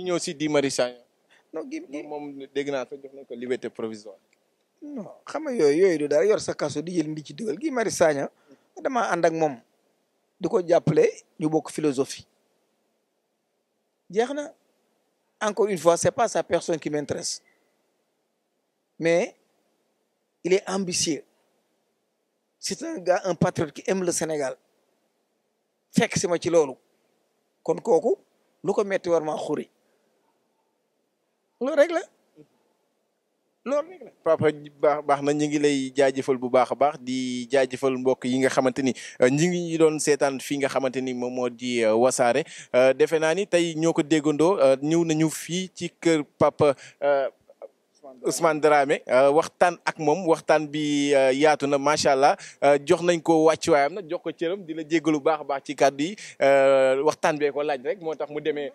ñu ñëw si di Marius Sagna. non gi moom dégg naa sax jox nañ ko liberté provisoire. non xam nga yooyu yooyu du dara yor sa kaso di jël mbi ci dugal gi Marius Sagna damaa ànd ak moom di ko jàppale ñu bokk philosophie. jeex na encore une fois c'est pas sa personne qui m'intéresse mais il est ambitieux c'est un gars un patriote qui aime le Sénégal fekk si ma ci loolu kon kooku lu ko metti war maa xuri loolu rek la loolu rek la. papa baax na ñu ngi lay jaajëfal bu baax a baax di jaajëfal mbokk yi nga xamante ni euh, ñu ngi doon seetaan fii nga xamante ni moom moo di euh, wasaare euh, defe naa ni tey ñoo ko déggandoo ñëw nañu fii ci kër papa. Ousmane Dramé euh, waxtaan ak moom waxtaan bi euh, yaatu na macha allah euh, jox nañ ko wàccuwaayam nag jox ko cëram di la jéggalu baax a baax ci kàddu yi waxtaan bee ko laaj rek moo tax mu demee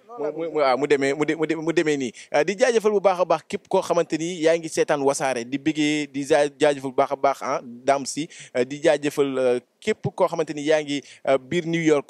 waaw mu demee mu demee nii di jaajëfal bu baax a baax képp koo xamante ni yaa ngi seetaan wasaare di bëggee di jaajëfal bu baax a baax ah daam si di jaajëfal képp koo xamante ni yaa ngi biir New York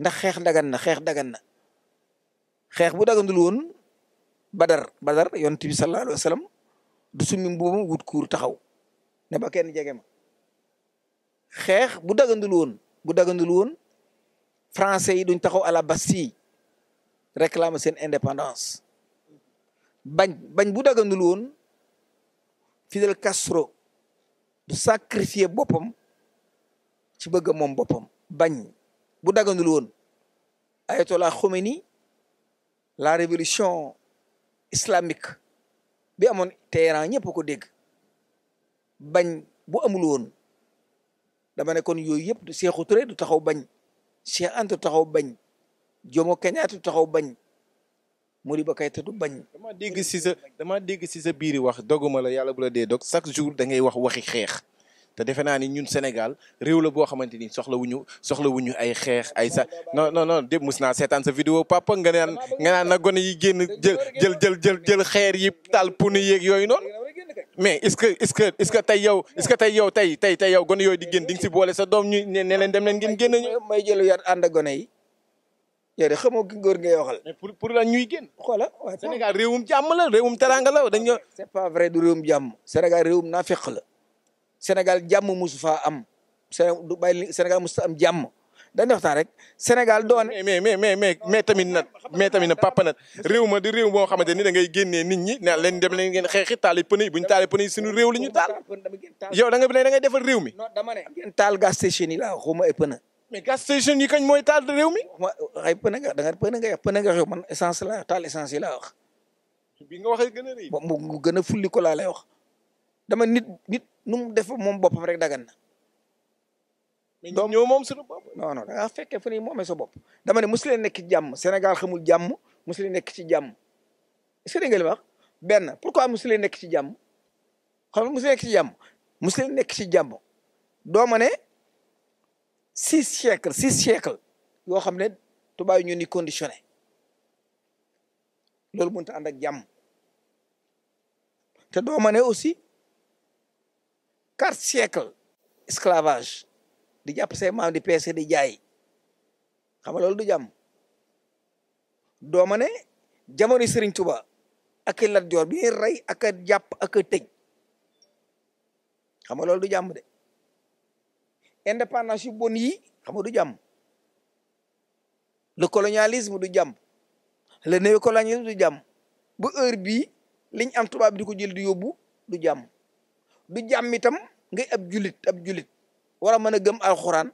ndax xex dagan na xex dagan na xex bu dagandul won badar badar yonent bi sallallahu alaihi wasallam sallam du summi mbum wut kur taxaw ne ba kenn jege xex xeex bu dagandul won bu dagandul won français yi duñ taxaw ala la réclamer sen indépendance bañ bañ bu dagandul won Fidel Castro du sacrifier bopam ci bëgg mom bopam bañ bu daganul woon ayatollah Khomeini la révolution islamique bi amone terrain ñëpp ko dégg bagn bu amul won dama ne kon yooyu yëpp cheikhou Touré du taxaw bagn Cheikh Anta taxaw bagn Jomo Kenyatta taxaw bagn Modibo bakay tadu bagn dama dégg si sa dama dégg si sa biiri wax doguma la yalla bu la dee dog chaque jour da ngay wax waxi xex te defe naa ni ñun Sénégal réew la boo xamante ni soxlawuñu soxlawuñu ay xeex ay sax non non non dépp mus naa seetaan sa nga naan nga gone yi génn jël jël jël jël jël xeer yi taal punu yeeg yooyu noonu mais est-ce que est que tey yow est-ce yow tey tey tey yow gone yooyu di génn di boole sa doom ñu ne leen dem leen ngeen génn ñu may jëlu yar ànd ak gone yi yow de xamoo ki góor ngay waxal. mais pour pour ñuy génn. xoola waaw Sénégal réewum jàmm la réewum teranga la dañ ñoo. c'est pas vrai du réewum jàmm Sénégal réewum naafeq la Sénégal jàmm mosu faa am du bàyyi Sénégal mosu am jàmm dañ waxtaan rek Sénégal doon. mais mais mais mais mais tamit nag mais tamit nag papa nag réew ma di réew boo xamante ni da ngay génnee nit ñi naan leen dem leen ngeen xeexi taal yi pneu yi bu ñu taalee pneu yi suñu réew li ñu taal. yow da nga ne mi. taal gas station yi laa xuma ay pneu. gas station yi kañ mooy taal réew mi. ay pneu nga da man essence laa taal essence yi laa wax. bi gën a rëy. mu gën a fulli ko laa lay dama nit. nu mu def moom boppam rek dagan na. donc ñoo moom suñu bopp. non non da ngaa fekkee fu ñuy moomee sa bopp dama ne mosu leen nekk ci jàmm Sénégal xamul jàmm mosu leen nekk ci jàmm est-ce que dégg nga li ma wax benn pourquoi mosu leen nekk ci jàmm xam nga mosu nekk ci jàmm mosu leen nekk ci jàmm doo ma ne six siècles six siècles yoo xam ne tubaab yi ñu ni conditionné loolu mënut a ànd ak jàmm te doo ma ne aussi. quatre siècles esclavage di jàpp say maam di peese di jaay xam nga loolu du jàmm dooma ne jamono sëriñ Tuba ak i Lat Joor bi ñuy rey ak a jàpp ak a xam nga loolu du jàmm de indépendance yu bon yi xam nga du jàmm le colonialisme du jàmm le néocolonialisme du jàmm bu heure bii liñ am tubaab bi di ko jël di yóbbu du jàmm du jàmm itam ngay ab julit ab julit war a mën a gëm alxuraan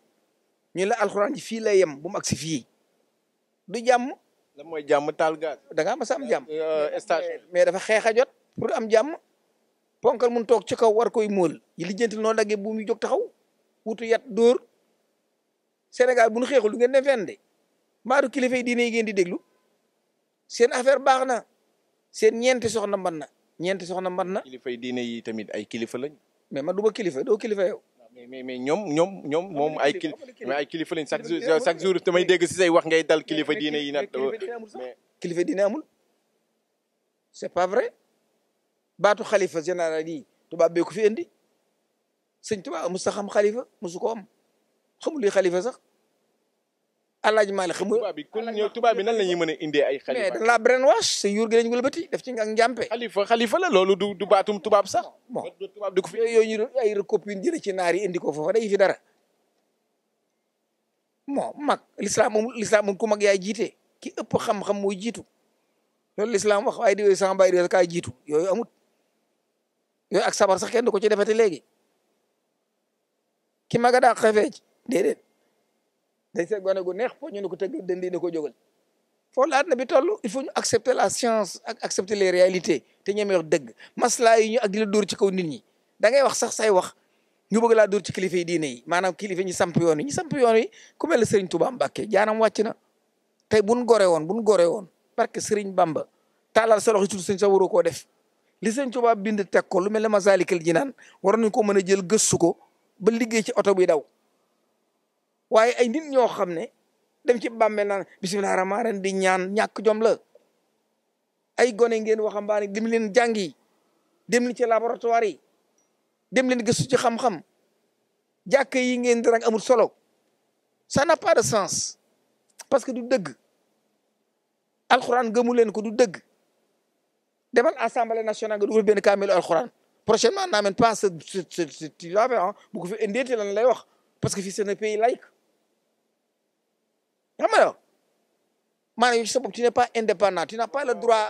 ñu la alxuraan ji fii lay yem bu mu agsi fii du jàmm. lan mooy jàmm taal gaal. da ngaa jàmm. Euh, euh, station mais dafa xeex a jot pour am jàmm. ponkal mun toog ci kaw war koy móol yi lijjantil noo daggee bu mu jog taxaw wutu yat dóor Sénégal bu nu ngeen dem fenn de maaru kilifa yi diine yi di déglu seen affaire baax na seen ñeenti soxna mban na. ñeenti soxna mat na. kilifa diiné yi tamit ay kilifa lañ. mais ma duma kilifa do kilifa yow. mais mais ñom ñom ñom mom ay kili mais ay kilifa lañ chaque jour chaque jour damay dégg si say wax ngay dal kilifa diiné yi nat mais kilifa diiné amul c'est pas vrai baatu khalifa général yi tubaab bee ko fi indi seigne tubaab musta xam xalifa musu ko am xamul li khalifa sax. Alaaji Maalik xam nga. tubaab bi kon ñoom nan la ñuy mën a indee ay. xalifa mais dañ laa brainwash sa yuur def ci nga njàmpe. xalifa la loolu du du baatum tubaab sax. bon tubaab du ko fi yooyu ñu ci naar yi indi ko foofa day fi dara. bon mag lislaam moom lislaam ku mag yaay jiite ki ëpp xam-xam mooy jiitu loolu lislaam wax waaye di wéy sama kaay jiitu yooyu amut yooyu ak sabar sax kenn du ko ci defati léegi ki maga daa xefee déedéet day seet gone gu neex po ñu ne ko tëgg dandi ne ko jógal foo laat na bi toll il fo ñu accepter la science ak accepter les réalités te ñeme dëgg maslaa yi ñu ak di la ci kaw nit ñi da wax sax say wax ñu bëgg laa dóor ci kilifa yi diine yi maanaam kilifa ñu samp yoon yi ñu samp yoon ku mel ne Serigne Touba Mbacké jaanam wàcc na tey buñ gore woon buñ gore woon parce que Serigne Bamba taalal sa loxo tudd sëñ sa waroo koo def li sëñ Touba bind teg ko lu mel ne Masaalikul Jinaan war nañ ko mën a jël gëstu ko ba liggéey ci oto bi daw waaye ay nit ñoo xam ne dem ci bàmmeel naan bisimilah rahmaan rahim di ñaan ñàkk jom la ay gone ngeen waxambaane dem leen jàngi dem li ci laboratoire yi dem leen gëstu ci xam-xam jàkk yi ngeen di rek amul solo ça n'a pas de sens parce que du dëgg alxuraan gëmu leen ko du dëgg demal assemblée nationale nga dugal benn kaamelu alxuraan prochainement n'amène pas ce ce ce bu ko fi indeeti lan lay wax parce que fii c'est un pays laïque xam nga maanaam sa bopp tu n'es pas indépendant tu n'as pas le droit.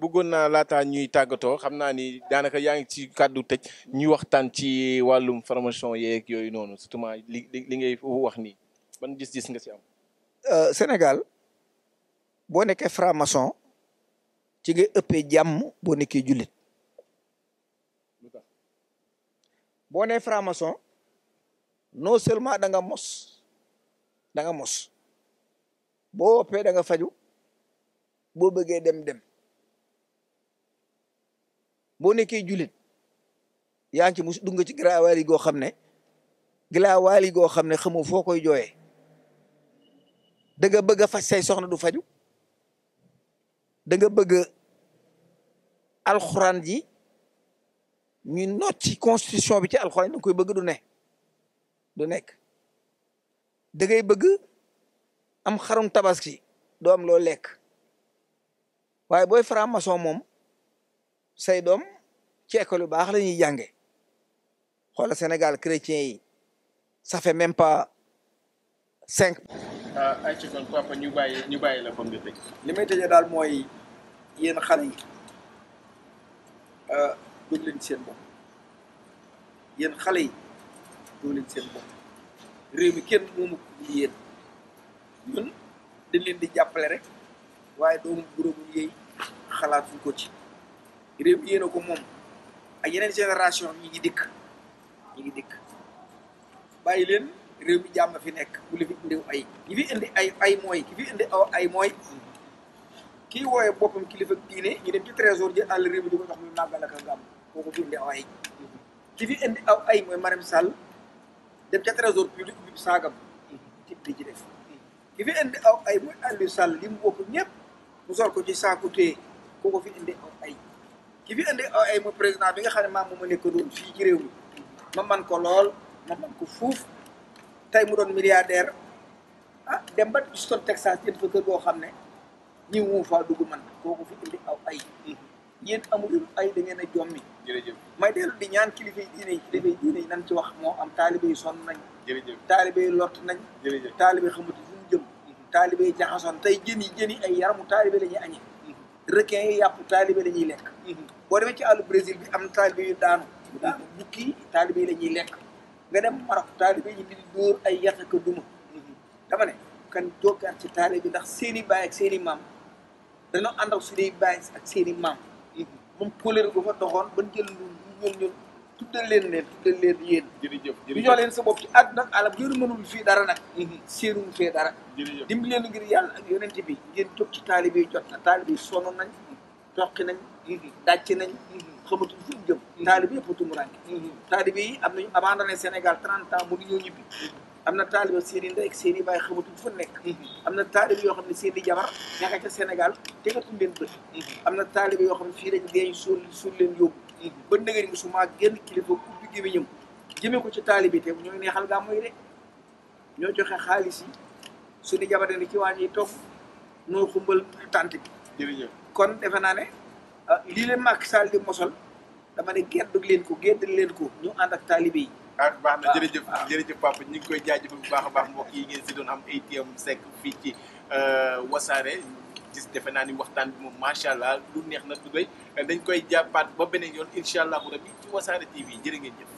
bëggoon naa laata naa laataa ñuy tàggatoo xam naa ni daanaka yaa ngi ci kàddu tëj ñuy waxtaan ci wàllum formation yeeg yooyu noonu surtout li li ngay wax nii ban gis-gis nga si am. Euh, Sénégal boo nekkee franc-maçon ci nga ëppee jàmm boo nekkee jullit boo nee franc-maçon non seulement da nga mos da nga mos. boo woppee da nga faju boo bëggee dem dem boo nekkee julit yaa ngi ci mus dugg ci gilaawaali goo xam ne gilaawaali goo xam ne xamoo foo koy jooyee da nga bëgg a faj say soxna du faju da nga bëgg alxuraan ji ñu noot constitution bi ci alxuraan da nga koy bëgg du ne du nekk da ngay bëgg am xarum tabaski doom loo lekk waaye booy franc-maçon moom say doom ci école yu baax la jànge xoola Sénégal chrétien yi ça fait même pas cinq. ah ay ci kon papa ñu bàyyi la comme ni may tëjee daal mooy yéen xale yi ah, dóor leen seen bopp yéen xale yi ñun dañ leen di jàppale rek waaye doomu Bureau bu Yeye xalaatuñ ko ci réew mi yéen ko moom ak yeneen génération ñi ngi dikk ñi ngi dikk bàyyi leen réew mi jàmm fi nekk bu li fi ay ñi fi indi ay ay mooy ki fi indi aw ay mooy kii wooye boppam kilifa diine ñu dem ci trésor ji àll réew mi di ko jox muy màggal ak ngam kooku fi indi aw ay ki fi indi aw ay mooy Marème Sall dem ca trésor public bi saagam ci di ki fi indi aw ay muy Aliou Sall li mu bokk ñëpp mu sol ko ci saaku téye koo ko fi indi aw ay ki fi indi aw ay muy président bi nga xam ne maam moom ma nekk doon fii ci réew mi ma man ko lool ma man ko fuuf tey mu doon milliardaire ah dem ba Houston Texas jëm fa kër goo xam ne ñi mu faa dugg man koo ko fi indi aw ay yéen amul ay da ngeen a jommi. jërëjëf may dellu di ñaan kilifa yi diine yi nan ci wax moo am taalibe yi sonn nañ. jërëjëf taalibe nañ. jërëjëf taalibe taalibe jaxasoon tey jën yi jën yi ay yaramu taalibe la ñuy añee requin yi yàpp taalibe la ñuy lekk boo demee ci àllu Brésil bi am na taalibe yu daanu daanu jukki taalibe la ñuy lekk nga dem Maroc taalibe yi di dóor ay yat ak duma dama ne kan jokkaat ci taalibe ndax seen i baay ak seen i maam dañoo ànd ak suñuy baay ak seen i maam moom kóllëre ba fa doxoon ban jël lu ñun ñun tuddal leen leen tuddal leen leen sa bopp ci àdduna ak alam ngeen mënul fii dara nag. Mm-hmm. séenuwul fee dara. jërëjëf dimbali leen ngir yàlla ak bi ngeen toog ci taalibe yi jot na taalibe yi sonn nañ. toqi nañ. Mm-hmm. dàcc nañ. Mm-hmm. xamatuñ fu ñu jëm. taalibe yëpp tumuraanke. taalibe yi am nañu abandonné Sénégal 30 ans mu ngi am na taalibe seen i ndey ak seen i fu nekk. am na taalibe yoo xam ne seen i jabar ñaka ca Sénégal tegatuñ leen bët. am na taalibe yoo xam ne fii rek deeñ suul suul leen yóbbu ba su maa génn kilifa ubbi gémmiñam jëmee ko ci taalibe te ñooy neexal gàmmu yi de ñoo joxe xaalis yi suñu jabaree ni ci waa ñuy toog noo xumbal tànt kon defe naa ne ah, lii leen Macky Sall di mosol dama ne gerdug leen ko gerdug leen ko ñu ànd ak taalibe yi. ah baax na jërëjëf papa ñu ngi koy jaajëfal bu baax a baax mbokk yi ngeen si doon am ATM Seck fii ci euh, wasaare. gis defe naa ni waxtaan bi moom macha allah lu neex na su a dañ koy jàppaat ba beneen yoon incha allah bu rabbi ci wasaare TV jërë ngeen jëf.